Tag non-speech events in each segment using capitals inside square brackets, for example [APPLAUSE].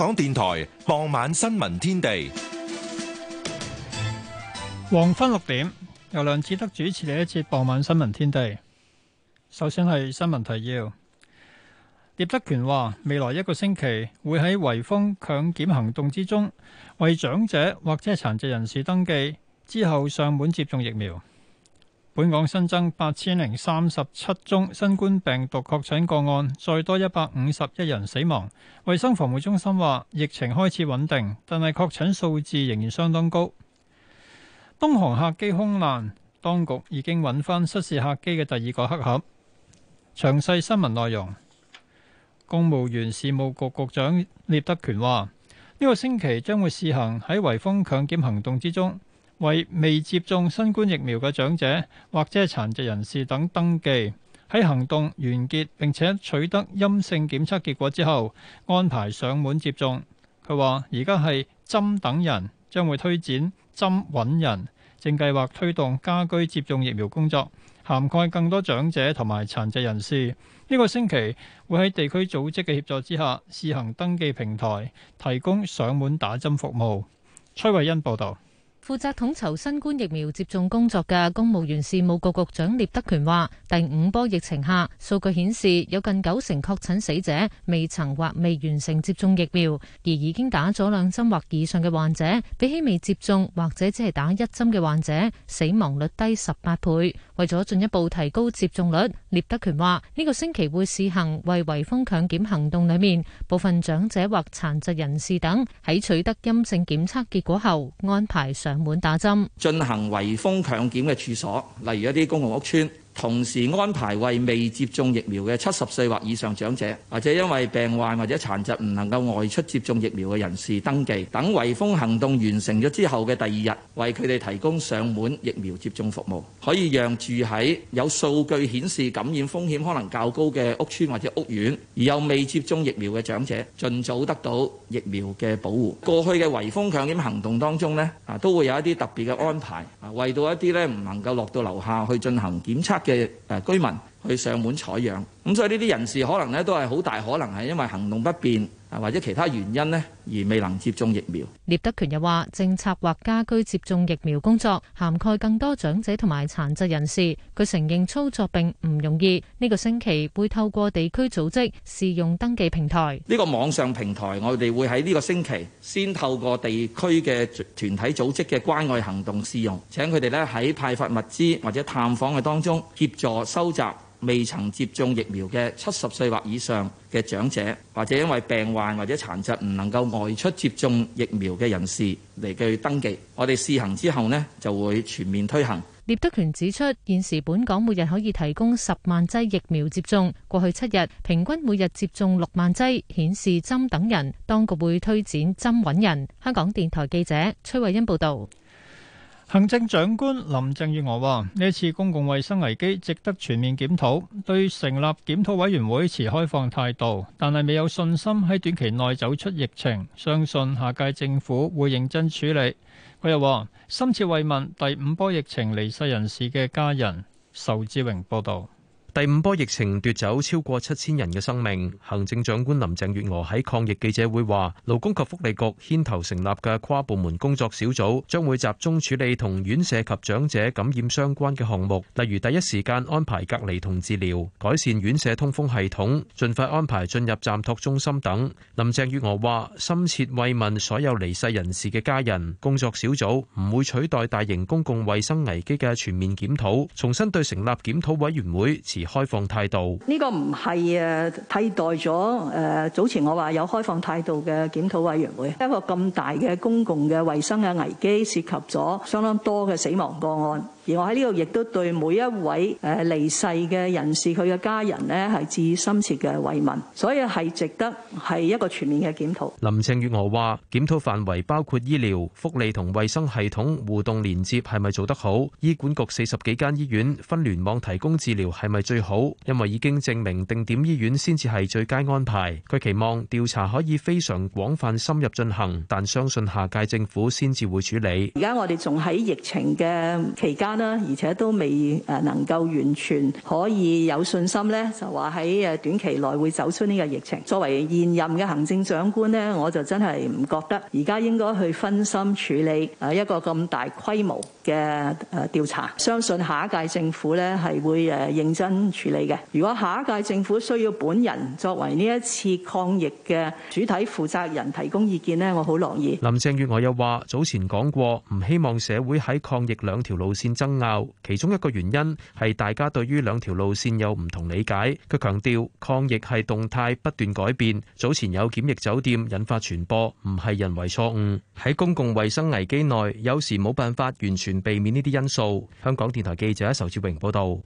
香港電台傍晚新聞天地，黃昏六點由梁智德主持呢一節傍晚新聞天地。首先係新聞提要，聶德權話未來一個星期會喺圍封強檢行動之中為長者或者殘疾人士登記之後上門接種疫苗。本港新增八千零三十七宗新冠病毒確診個案，再多一百五十一人死亡。衛生防護中心話，疫情開始穩定，但係確診數字仍然相當高。東航客機空難，當局已經揾翻失事客機嘅第二個黑盒。詳細新聞內容。公務員事務局局、局長聶德權話，呢、這個星期將會試行喺圍封強檢行動之中。為未接種新冠疫苗嘅長者或者係殘疾人士等登記，喺行動完結並且取得陰性檢測結果之後，安排上門接種。佢話：而家係針等人，將會推展針揾人，正計劃推動家居接種疫苗工作，涵蓋更多長者同埋殘疾人士。呢個星期會喺地區組織嘅協助之下試行登記平台，提供上門打針服務。崔慧欣報導。負責統籌新冠疫苗接種工作嘅公務員事務局局長聶德權話：第五波疫情下，數據顯示有近九成確診死者未曾或未完成接種疫苗，而已經打咗兩針或以上嘅患者，比起未接種或者只係打一針嘅患者，死亡率低十八倍。為咗進一步提高接種率，聶德權話呢、這個星期會試行為圍封強檢行動裏面部分長者或殘疾人士等喺取得陰性檢測結果後安排上。上門打針，進行圍封強檢嘅處所，例如一啲公共屋邨。同時安排為未接種疫苗嘅七十歲或以上長者，或者因為病患或者殘疾唔能夠外出接種疫苗嘅人士登記，等維風行動完成咗之後嘅第二日，為佢哋提供上門疫苗接種服務，可以讓住喺有數據顯示感染風險可能較高嘅屋邨或者屋苑，而有未接種疫苗嘅長者，盡早得到疫苗嘅保護。過去嘅圍封強檢行動當中咧，啊都會有一啲特別嘅安排，啊為到一啲咧唔能夠落到樓下去進行檢測，嘅誒居民去上門採樣。咁所以呢啲人士可能呢都係好大可能係因為行動不便啊或者其他原因呢而未能接種疫苗。聶德權又話，政策或家居接種疫苗工作涵蓋更多長者同埋殘疾人士。佢承認操作並唔容易。呢個星期會透過地區組織試用登記平台。呢個網上平台我哋會喺呢個星期先透過地區嘅團體組織嘅關愛行動試用，請佢哋呢喺派發物資或者探訪嘅當中協助收集。未曾接種疫苗嘅七十歲或以上嘅長者，或者因為病患或者殘疾唔能夠外出接種疫苗嘅人士，嚟去登記。我哋試行之後呢，就會全面推行。聶德權指出，現時本港每日可以提供十萬劑疫苗接種，過去七日，平均每日接種六萬劑，顯示針等人，當局會推展針揾人。香港電台記者，崔慧欣報道。行政長官林鄭月娥話：呢次公共衛生危機值得全面檢討，對成立檢討委員會持開放態度，但係未有信心喺短期內走出疫情。相信下屆政府會認真處理。佢又話：深切慰問第五波疫情離世人士嘅家人。仇志榮報導。第五波疫情奪走超過七千人嘅生命。行政長官林鄭月娥喺抗疫記者會話，勞工及福利局牽頭成立嘅跨部門工作小組，將會集中處理同院舍及長者感染相關嘅項目，例如第一時間安排隔離同治療、改善院舍通風系統、盡快安排進入暫托中心等。林鄭月娥話：深切慰問所有離世人士嘅家人。工作小組唔會取代大型公共衛生危機嘅全面檢討，重新對成立檢討委員會。而開放態度，呢個唔係誒替代咗誒、呃、早前我話有開放態度嘅檢討委員會，一個咁大嘅公共嘅衛生嘅危機，涉及咗相當多嘅死亡個案。而我喺呢度亦都對每一位誒離世嘅人士佢嘅家人呢，係致深切嘅慰問，所以係值得係一個全面嘅檢討。林鄭月娥話檢討範圍包括醫療福利同衛生系統互動連接係咪做得好？醫管局四十幾間醫院分聯網提供治療係咪最好？因為已經證明定點醫院先至係最佳安排。佢期望調查可以非常廣泛深入進行，但相信下屆政府先至會處理。而家我哋仲喺疫情嘅期間。而且都未能夠完全可以有信心咧，就話喺短期內會走出呢個疫情。作為現任嘅行政長官咧，我就真係唔覺得而家應該去分心處理誒一個咁大規模嘅調查。相信下一屆政府咧係會認真處理嘅。如果下一屆政府需要本人作為呢一次抗疫嘅主體負責人提供意見咧，我好樂意。林鄭月娥又話：早前講過，唔希望社會喺抗疫兩條路線爭拗，其中一個原因係大家對於兩條路線有唔同理解。佢強調抗疫係動態不斷改變，早前有檢疫酒店引發傳播，唔係人為錯誤，喺公共衛生危機內有時冇辦法完全避免呢啲因素。香港電台記者仇志榮報道，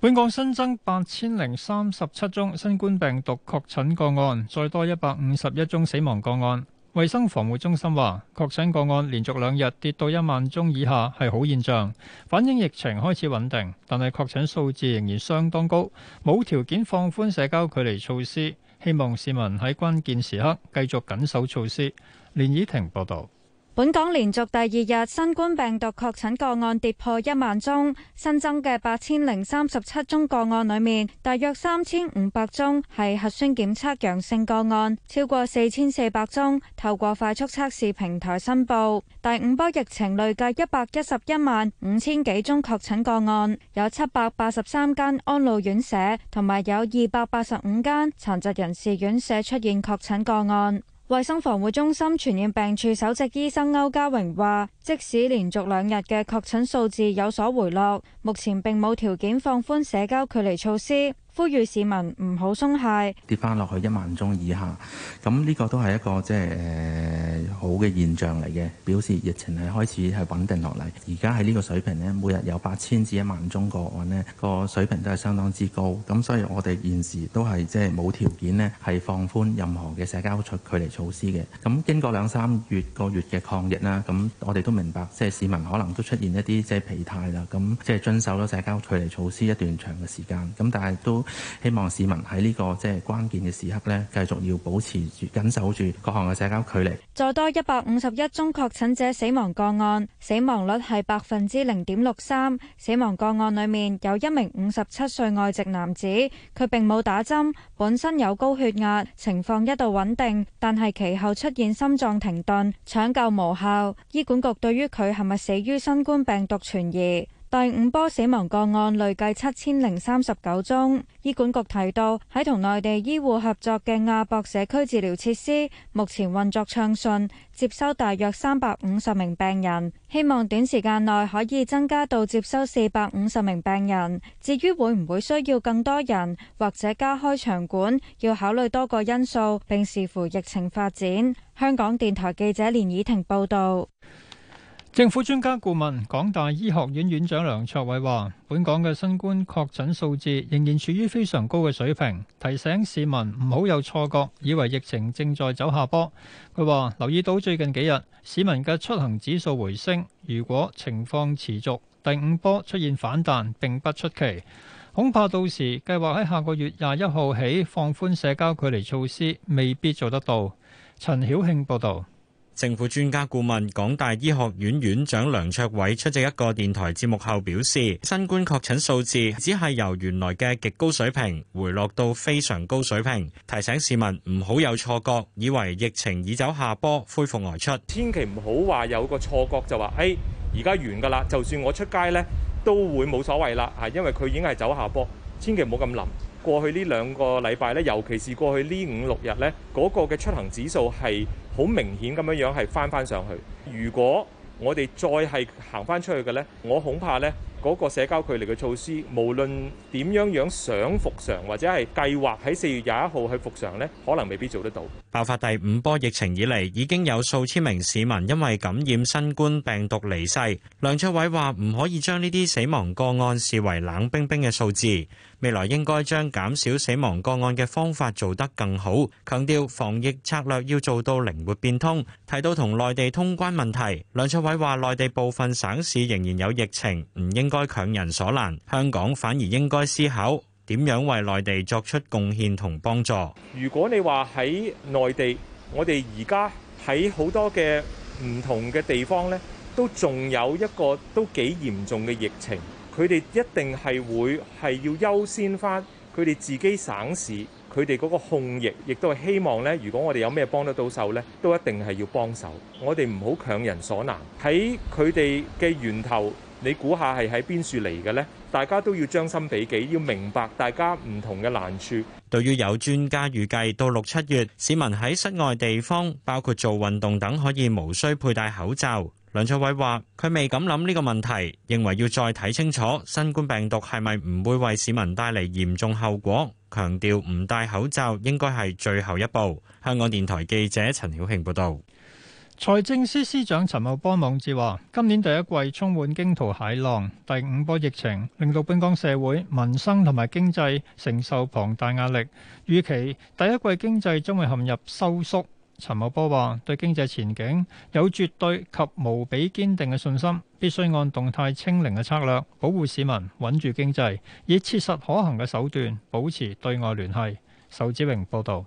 本港新增八千零三十七宗新冠病毒確診個案，再多一百五十一宗死亡個案。衛生防護中心話，確診個案連續兩日跌到一萬宗以下係好現象，反映疫情開始穩定，但係確診數字仍然相當高，冇條件放寬社交距離措施，希望市民喺關鍵時刻繼續緊守措施。連以婷報道。本港連續第二日新冠病毒確診個案跌破一萬宗，新增嘅八千零三十七宗個案裏面，大約三千五百宗係核酸檢測陽性個案，超過四千四百宗透過快速測試平台申報。第五波疫情累計一百一十一萬五千幾宗確診個案，有七百八十三間安老院舍同埋有二百八十五間殘疾人士院舍出現確診個案。衛生防護中心傳染病處首席醫生歐家榮話，即使連續兩日嘅確診數字有所回落，目前並冇條件放寬社交距離措施。呼籲市民唔好鬆懈，跌翻落去一萬宗以下，咁呢個都係一個即係呃，好嘅現象嚟嘅，表示疫情係開始係穩定落嚟。而家喺呢個水平呢，每日有八千至一萬宗個案呢個水平都係相當之高。咁所以我哋現時都係即係冇條件呢係放寬任何嘅社交距離措施嘅。咁經過兩三月個月嘅抗疫啦，咁我哋都明白，即係市民可能都出現一啲即係疲態啦，咁即係遵守咗社交距離措施一段長嘅時間，咁但係都。希望市民喺呢個即係關鍵嘅時刻呢，繼續要保持住、緊守住各項嘅社交距離。再多一百五十一宗確診者死亡個案，死亡率係百分之零點六三。死亡個案裏面有一名五十七歲外籍男子，佢並冇打針，本身有高血壓，情況一度穩定，但係其後出現心臟停頓，搶救無效。醫管局對於佢係咪死於新冠病毒存疑。第五波死亡個案累計七千零三十九宗。醫管局提到，喺同內地醫護合作嘅亞博社區治療設施，目前運作暢順，接收大約三百五十名病人，希望短時間內可以增加到接收四百五十名病人。至於會唔會需要更多人或者加開場館，要考慮多個因素並視乎疫情發展。香港電台記者連倚婷報道。政府專家顧問、港大醫學院院長梁卓偉話，本港嘅新冠確診數字仍然處於非常高嘅水平，提醒市民唔好有錯覺，以為疫情正在走下坡。佢話留意到最近幾日市民嘅出行指數回升，如果情況持續，第五波出現反彈，並不出奇。恐怕到時計劃喺下個月廿一號起放寬社交距離措施，未必做得到。陳曉慶報道。政府專家顧問、港大醫學院院長梁卓偉出席一個電台節目後表示，新冠確診數字只係由原來嘅極高水平回落到非常高水平，提醒市民唔好有錯覺，以為疫情已走下坡，恢復外出。千祈唔好話有個錯覺就話，哎，而家完㗎啦，就算我出街呢，都會冇所謂啦。係因為佢已經係走下坡，千祈唔好咁諗。過去呢兩個禮拜咧，尤其是過去呢五六日，呢嗰個嘅出行指數係。好明顯咁樣樣係翻翻上去。如果我哋再係行翻出去嘅呢，我恐怕呢。嗰個社交距離嘅措施，無論點樣樣想復常或者係計劃喺四月廿一號去復常呢，可能未必做得到。爆發第五波疫情以嚟，已經有數千名市民因為感染新冠病毒離世。梁卓偉話：唔可以將呢啲死亡個案視為冷冰冰嘅數字，未來應該將減少死亡個案嘅方法做得更好。強調防疫策略要做到靈活變通。提到同內地通關問題，梁卓偉話：內地部分省市仍然有疫情，唔應應該強人所難，香港反而應該思考點樣為內地作出貢獻同幫助。如果你話喺內地，我哋而家喺好多嘅唔同嘅地方咧，都仲有一個都幾嚴重嘅疫情，佢哋一定係會，係要優先翻佢哋自己省市，佢哋嗰個控疫，亦都係希望咧。如果我哋有咩幫得到手咧，都一定係要幫手。我哋唔好強人所難，喺佢哋嘅源頭。你估下係喺邊處嚟嘅咧？大家都要將心比己，要明白大家唔同嘅難處。對於有專家預計到六七月，市民喺室外地方，包括做運動等，可以無需佩戴口罩。梁卓偉話：佢未敢諗呢個問題，認為要再睇清楚新冠病毒係咪唔會為市民帶嚟嚴重後果。強調唔戴口罩應該係最後一步。香港電台記者陳曉慶報道。財政司司長陳茂波網誌話：今年第一季充滿驚濤駭浪，第五波疫情令到本港社會民生同埋經濟承受龐大壓力，預期第一季經濟將會陷入收縮。陳茂波話：對經濟前景有絕對及無比堅定嘅信心，必須按動態清零嘅策略保護市民，穩住經濟，以切實可行嘅手段保持對外聯繫。仇志榮報道。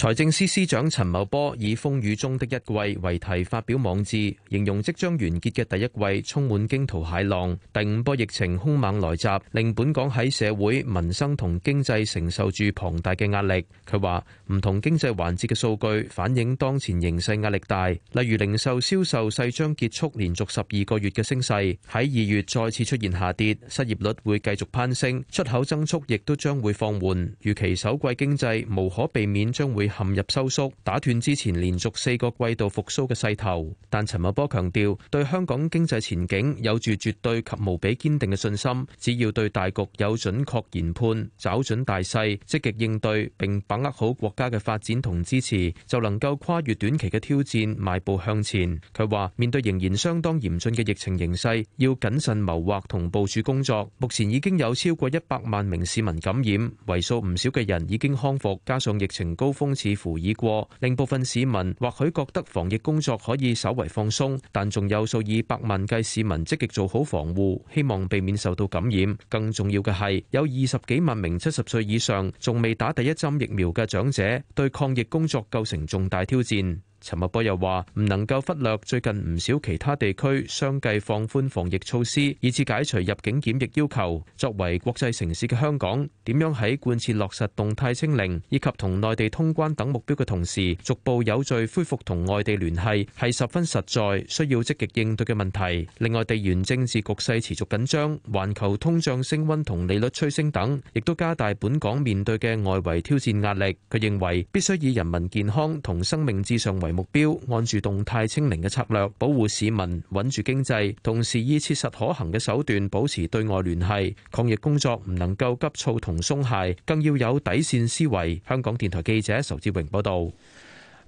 財政司司長陳茂波以《風雨中的一季》為題發表網誌，形容即將完結嘅第一季充滿驚濤駭浪，第五波疫情兇猛來襲，令本港喺社會、民生同經濟承受住龐大嘅壓力。佢話唔同經濟環節嘅數據反映當前形勢壓力大，例如零售銷售勢將結束連續十二個月嘅升勢，喺二月再次出現下跌，失業率會繼續攀升，出口增速亦都將會放緩。預期首季經濟無可避免將會。陷入收縮，打斷之前連續四個季度復甦嘅勢頭。但陳茂波強調，對香港經濟前景有住絕對及無比堅定嘅信心。只要對大局有準確研判，找準大勢，積極應對並把握好國家嘅發展同支持，就能夠跨越短期嘅挑戰，邁步向前。佢話：面對仍然相當嚴峻嘅疫情形勢，要謹慎謀劃同部署工作。目前已經有超過一百萬名市民感染，為數唔少嘅人已經康復，加上疫情高峰。似乎已過，令部分市民或許覺得防疫工作可以稍為放鬆，但仲有數以百萬計市民積極做好防護，希望避免受到感染。更重要嘅係，有二十幾萬名七十歲以上仲未打第一針疫苗嘅長者，對抗疫工作構成重大挑戰。陳茂波又話：唔能夠忽略最近唔少其他地區相繼放寬防疫措施，以致解除入境檢疫要求。作為國際城市嘅香港，點樣喺貫徹落實動態清零以及同內地通關等目標嘅同時，逐步有序恢復同外地聯繫，係十分實在需要積極應對嘅問題。另外，地緣政治局勢持續緊張，環球通脹升溫同利率趨升等，亦都加大本港面對嘅外圍挑戰壓力。佢認為，必須以人民健康同生命至上為，目標按住動態清零嘅策略，保護市民，穩住經濟，同時以切實可行嘅手段保持對外聯繫。抗疫工作唔能夠急躁同鬆懈，更要有底線思維。香港電台記者仇志榮報道。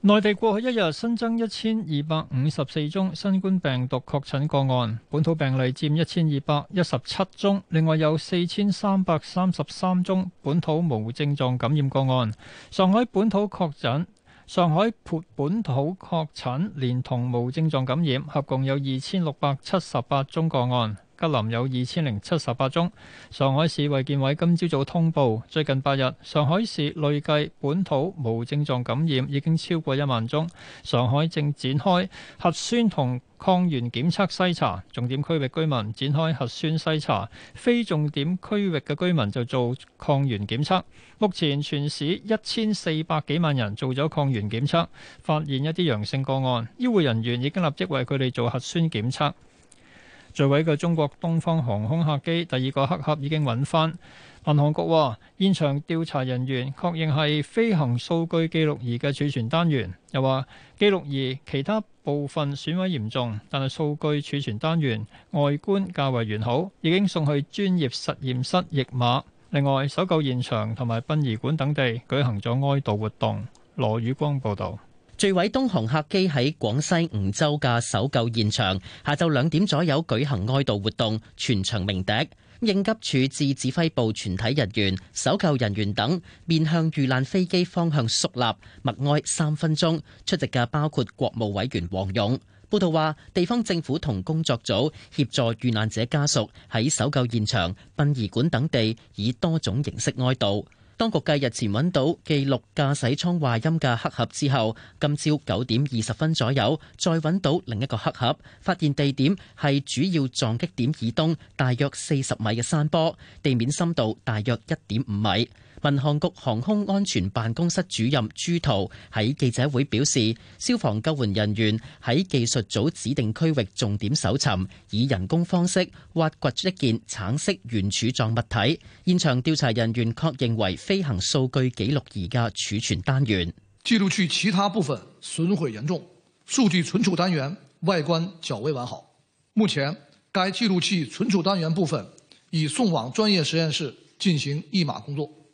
內地過去一日新增一千二百五十四宗新冠病毒確診個案，本土病例佔一千二百一十七宗，另外有四千三百三十三宗本土無症狀感染個案。上海本土確診。上海撥本土確診，連同無症狀感染，合共有二千六百七十八宗個案。吉林有二千零七十八宗。上海市衛健委今朝早通報，最近八日上海市累計本土無症狀感染已經超過一萬宗。上海正展開核酸同抗原檢測篩查，重點區域居民展開核酸篩查，非重點區域嘅居民就做抗原檢測。目前全市一千四百幾萬人做咗抗原檢測，發現一啲陽性個案，醫護人員已經立即為佢哋做核酸檢測。墜毀嘅中國東方航空客機第二個黑盒已經揾翻，民航局話現場調查人員確認係飛行數據記錄儀嘅儲存單元，又話記錄儀其他部分損毀嚴重，但係數據儲存單元外觀較為完好，已經送去專業實驗室譯碼。另外，搜救現場同埋殯儀館等地舉行咗哀悼活動。羅宇光報道。墜毀東航客機喺廣西梧州嘅搜救現場，下晝兩點左右舉行哀悼活動，全場鳴笛。應急處置指揮部全體人員、搜救人員等面向遇難飛機方向肅立，默哀三分鐘。出席嘅包括國務委員王勇。報道話，地方政府同工作組協助遇難者家屬喺搜救現場、殯儀館等地以多種形式哀悼。當局繼日前揾到記錄駕駛艙話音嘅黑盒之後，今朝九點二十分左右再揾到另一個黑盒，發現地點係主要撞擊點以東大約四十米嘅山坡，地面深度大約一點五米。民航局航空安全辦公室主任朱濤喺記者會表示，消防救援人員喺技術組指定區域重點搜尋，以人工方式挖掘一件橙色圓柱狀物體，現場調查人員確認為飛行數據記錄儀嘅儲存單元。記錄器其他部分損毀嚴重，數據存儲單元外觀較為完好。目前，該記錄器存儲單元部分已送往專業實驗室進行解碼工作。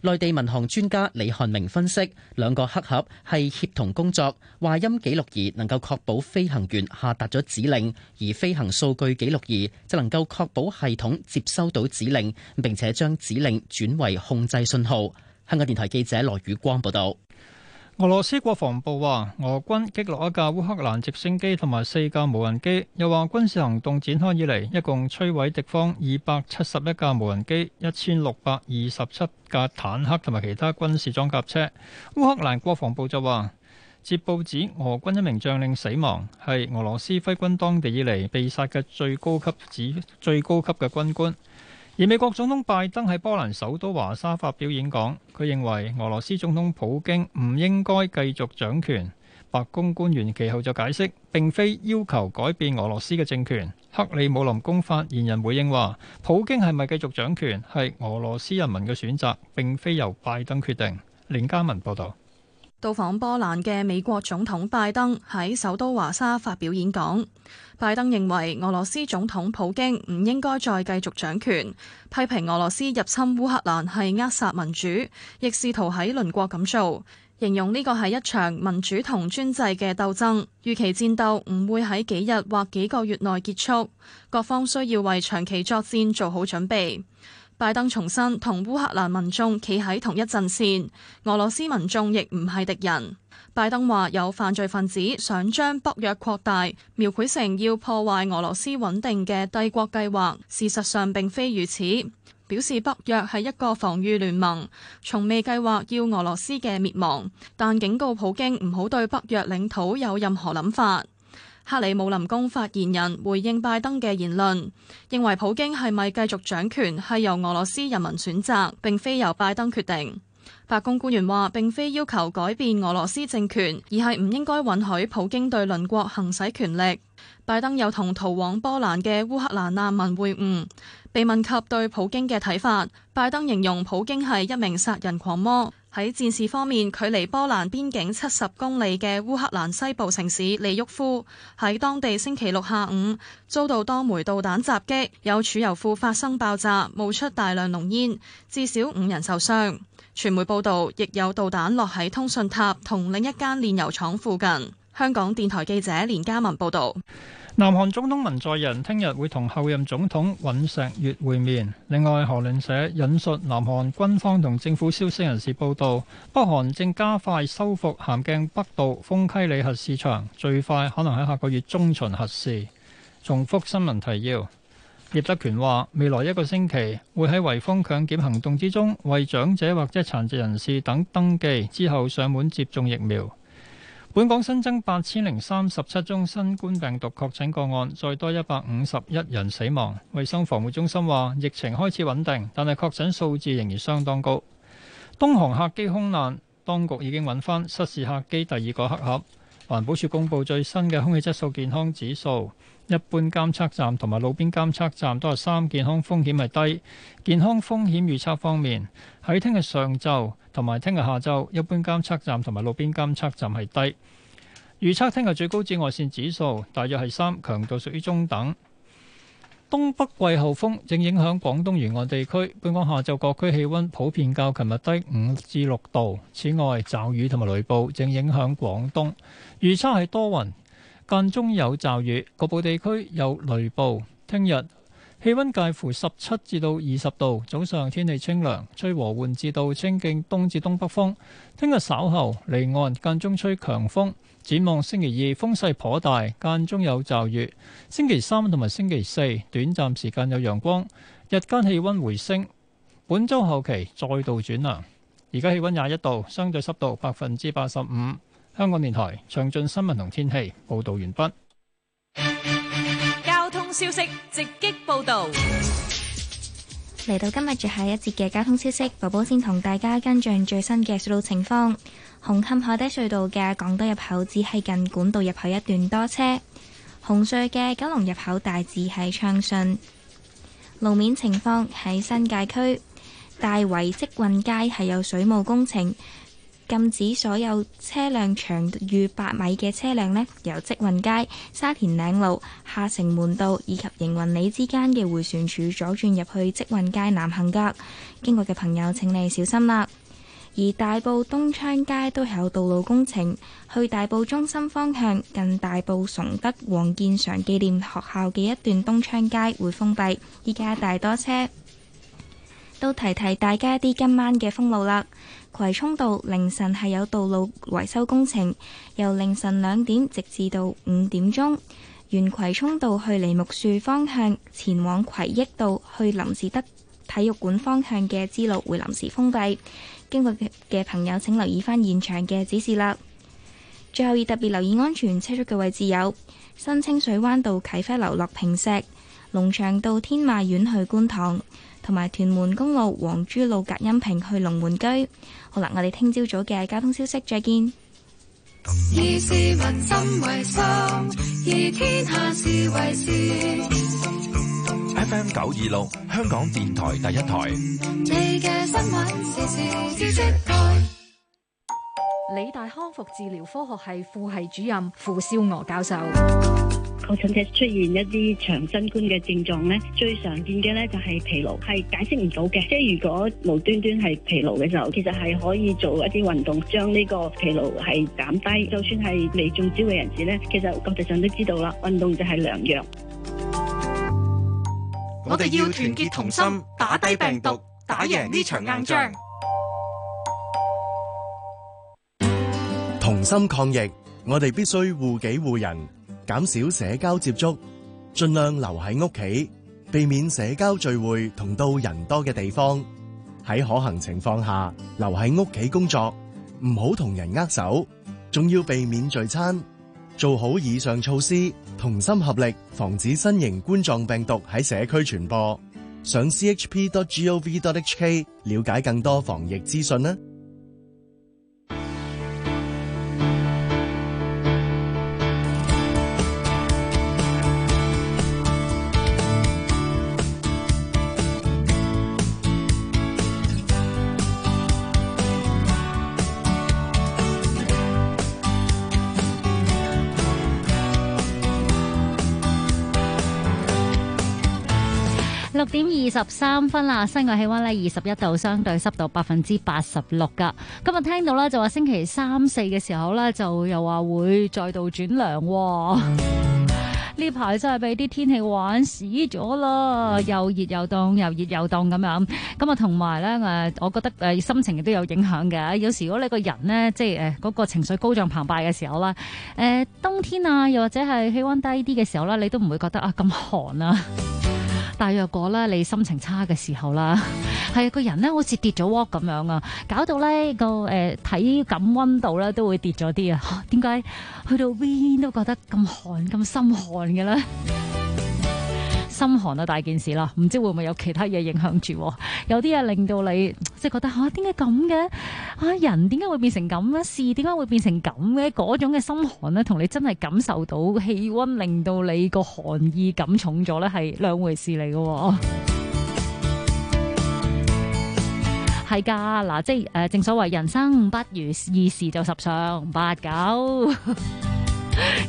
內地民航專家李漢明分析，兩個黑盒係協同工作，話音記錄儀能夠確保飛行員下達咗指令，而飛行數據記錄儀就能夠確保系統接收到指令，並且將指令轉為控制信號。香港電台記者羅宇光報道。俄羅斯國防部話，俄軍擊落一架烏克蘭直升機同埋四架無人機。又話軍事行動展開以嚟，一共摧毀敵方二百七十一架無人機、一千六百二十七架坦克同埋其他軍事裝甲車。烏克蘭國防部就話，接報指俄軍一名將領死亡，係俄羅斯揮軍當地以嚟被殺嘅最高級指最高級嘅軍官。而美國總統拜登喺波蘭首都華沙發表演講，佢認為俄羅斯總統普京唔應該繼續掌權。白宮官員其後就解釋，並非要求改變俄羅斯嘅政權。克里姆林宮發言人回應話，普京係咪繼續掌權，係俄羅斯人民嘅選擇，並非由拜登決定。連加文報導。到訪波蘭嘅美國總統拜登喺首都華沙發表演講。拜登認為俄羅斯總統普京唔應該再繼續掌權，批評俄羅斯入侵烏克蘭係扼殺民主，亦試圖喺鄰國咁做，形容呢個係一場民主同專制嘅鬥爭，預期戰鬥唔會喺幾日或幾個月內結束，各方需要為長期作戰做好準備。拜登重申同烏克蘭民眾企喺同一陣線，俄羅斯民眾亦唔係敵人。拜登話有犯罪分子想將北約擴大，描繪成要破壞俄羅斯穩定嘅帝國計劃。事實上並非如此，表示北約係一個防禦聯盟，從未計劃要俄羅斯嘅滅亡。但警告普京唔好對北約領土有任何諗法。克里姆林宮發言人回應拜登嘅言論，認為普京係咪繼續掌權係由俄羅斯人民選擇，並非由拜登決定。白宮官員話，並非要求改變俄羅斯政權，而係唔應該允許普京對鄰國行使權力。拜登又同逃往波蘭嘅烏克蘭難民會晤，被問及對普京嘅睇法，拜登形容普京係一名殺人狂魔。喺戰事方面，距離波蘭邊境七十公里嘅烏克蘭西部城市利沃夫，喺當地星期六下午，遭到多枚導彈襲擊，有儲油庫發生爆炸，冒出大量濃煙，至少五人受傷。傳媒報道亦有導彈落喺通訊塔同另一間煉油廠附近。香港電台記者連嘉文報導。南韓總統文在寅聽日會同後任總統尹錫悅會面。另外，韓聯社引述南韓軍方同政府消息人士報道，北韓正加快修復咸鏡北道豐溪里核試場，最快可能喺下個月中旬核試。重複新聞提要：葉德權話，未來一個星期會喺圍封強檢行動之中，為長者或者殘疾人士等登記之後上門接種疫苗。本港新增八千零三十七宗新冠病毒確診個案，再多一百五十一人死亡。衛生防護中心話，疫情開始穩定，但係確診數字仍然相當高。東航客機空難，當局已經揾翻失事客機第二個黑盒。環保署公布最新嘅空氣質素健康指數。一般監測站同埋路邊監測站都係三，健康風險係低。健康風險預測方面，喺聽日上晝同埋聽日下晝，一般監測站同埋路邊監測站係低。預測聽日最高紫外線指數大約係三，強度屬於中等。東北季候風正影響廣東沿岸地區，本港下晝各區氣温普遍較琴日低五至六度。此外，驟雨同埋雷暴正影響廣東，預測係多雲。間中有驟雨，局部地區有雷暴。聽日氣溫介乎十七至到二十度，早上天氣清涼，吹和緩至到清勁東至東北風。聽日稍後離岸間中吹強風。展望星期二風勢頗大，間中有驟雨。星期三同埋星期四短暫時間有陽光，日間氣溫回升。本周後期再度轉涼。而家氣溫廿一度，相對濕度百分之八十五。香港電台詳盡新聞同天氣報道完畢。交通消息直擊報道嚟到今日最後一節嘅交通消息，寶寶先同大家跟進最新嘅隧道情況。紅磡海底隧道嘅港島入口只係近管道入口一段多車。紅隧嘅九龍入口大致係暢順。路面情況喺新界區大圍積運街係有水務工程。禁止所有車輛長逾八米嘅車輛呢，由積運街、沙田嶺路、下城門道以及營運里之間嘅回旋處左轉入去積運街南行格。經過嘅朋友，請你小心啦。而大埔東昌街都有道路工程，去大埔中心方向近大埔崇德黃建常紀念學校嘅一段東昌街會封閉，依家大多車都提提大家啲今晚嘅封路啦。葵涌道凌晨係有道路維修工程，由凌晨兩點直至到五點鐘。沿葵涌道去梨木樹方向，前往葵益道去林士德體育館方向嘅支路會臨時封閉。經過嘅朋友請留意翻現場嘅指示啦。最後要特別留意安全車速嘅位置有新清水灣道啟輝樓落坪石、龍翔道天馬苑去觀塘。同埋屯門公路皇珠路隔音屏去龍門居。好啦，我哋聽朝早嘅交通消息再見。以市民心為心，以天下事為事。FM 九二六，香港電台第一台。理大康復治療科學系副系主任傅少娥教授，確診者出現一啲長新冠嘅症狀咧，最常見嘅咧就係疲勞，係解釋唔到嘅。即係如果無端端係疲勞嘅時候，其實係可以做一啲運動，將呢個疲勞係減低。就算係未中招嘅人士咧，其實國際上都知道啦，運動就係良藥。我哋要團結同心，打低病毒，打贏呢場硬仗。同心抗疫，我哋必須護己護人，減少社交接觸，盡量留喺屋企，避免社交聚會同到人多嘅地方。喺可行情況下，留喺屋企工作，唔好同人握手，仲要避免聚餐。做好以上措施，同心合力，防止新型冠狀病毒喺社區傳播。上 chp.gov.hk 了解更多防疫資訊啦。六點二十三分啦，室外氣溫呢，二十一度，相對濕度百分之八十六噶。今日聽到咧，就話星期三四嘅時候咧，就又話會再度轉涼。呢排真係俾啲天氣玩死咗啦，又熱又凍，又熱又凍咁樣。咁啊，同埋咧誒，我覺得誒心情亦都有影響嘅。有時如果你個人呢，即係誒嗰個情緒高漲澎湃嘅時候啦，誒冬天啊，又或者係氣溫低啲嘅時候啦，你都唔會覺得啊咁寒啊。但若果啦，你心情差嘅時候啦，係 [LAUGHS] 個人咧好似跌咗窩咁樣啊，搞到咧、那個誒、呃、體感溫度咧都會跌咗啲啊，點 [LAUGHS] 解去到邊都覺得咁寒咁心寒嘅咧？心寒啊，大件事啦，唔知會唔會有其他嘢影響住？有啲嘢令到你即係覺得吓，點解咁嘅？啊，人點解會變成咁咧？事點解會變成咁嘅？嗰種嘅心寒咧，同你真係感受到氣溫令到你個寒意感重咗咧，係兩回事嚟嘅。係噶、嗯，嗱的，即係誒，正所謂人生不如意事就十常八九。 [LAUGHS]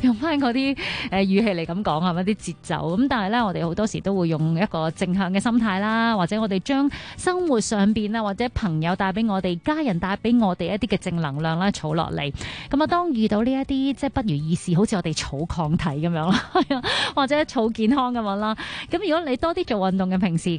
用翻嗰啲誒語氣嚟咁講係咪啲節奏咁，但係咧我哋好多時都會用一個正向嘅心態啦，或者我哋將生活上邊啦，或者朋友帶俾我哋，家人帶俾我哋一啲嘅正能量啦，儲落嚟。咁啊，當遇到呢一啲即係不如意事，好似我哋儲抗體咁樣咯，或者儲健康咁樣啦。咁如果你多啲做運動嘅平時。